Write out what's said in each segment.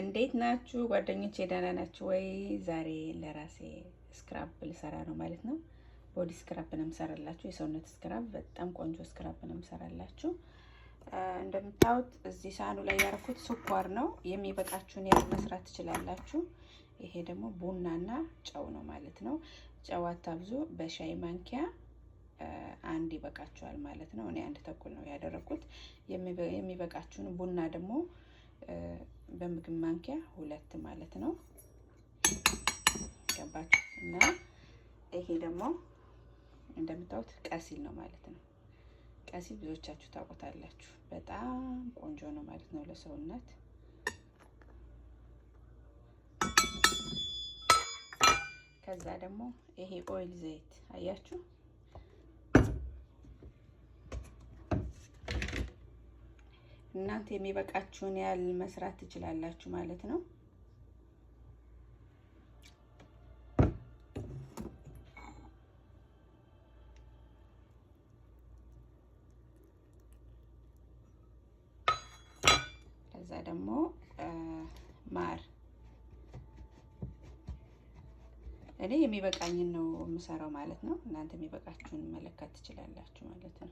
እንዴት ናችሁ ጓደኞቼ? ደህና ናችሁ ወይ? ዛሬ ለራሴ ስክራብ ልሰራ ነው ማለት ነው። ቦዲ ስክራብ ነው የምሰራላችሁ፣ የሰውነት ስክራብ። በጣም ቆንጆ ስክራብ ነው የምሰራላችሁ። እንደምታዩት እዚህ ሳህኑ ላይ ያረኩት ስኳር ነው። የሚበቃችሁን ያህል መስራት ትችላላችሁ። ይሄ ደግሞ ቡናና ጨው ነው ማለት ነው። ጨው አታብዙ። በሻይ ማንኪያ አንድ ይበቃችኋል ማለት ነው። እኔ አንድ ተኩል ነው ያደረኩት። የሚበቃችሁን ቡና ደግሞ በምግብ ማንኪያ ሁለት ማለት ነው ገባችሁ። እና ይሄ ደግሞ እንደምታዩት ቀሲል ነው ማለት ነው። ቀሲል ብዙዎቻችሁ ታውቁታላችሁ። በጣም ቆንጆ ነው ማለት ነው ለሰውነት ከዛ ደግሞ ይሄ ኦይል ዘይት አያችሁ እናንተ የሚበቃችሁን ያህል መስራት ትችላላችሁ ማለት ነው። ከዛ ደግሞ ማር እኔ የሚበቃኝን ነው የምሰራው ማለት ነው። እናንተ የሚበቃችሁን መለካት ትችላላችሁ ማለት ነው።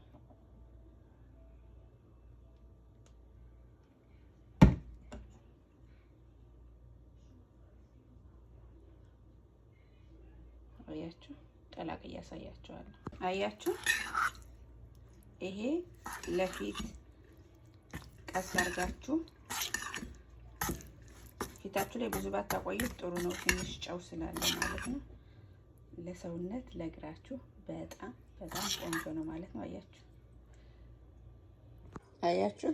አብሬያችሁ ቀላቅዬ ያሳያችኋለሁ። አያችሁ፣ ይሄ ለፊት ቀስ አድርጋችሁ ፊታችሁ ላይ ብዙ ባታቆዩት ጥሩ ነው። ትንሽ ጨው ስላለ ማለት ነው። ለሰውነት ለእግራችሁ በጣም በጣም ቆንጆ ነው ማለት ነው። አያችሁ አያችሁ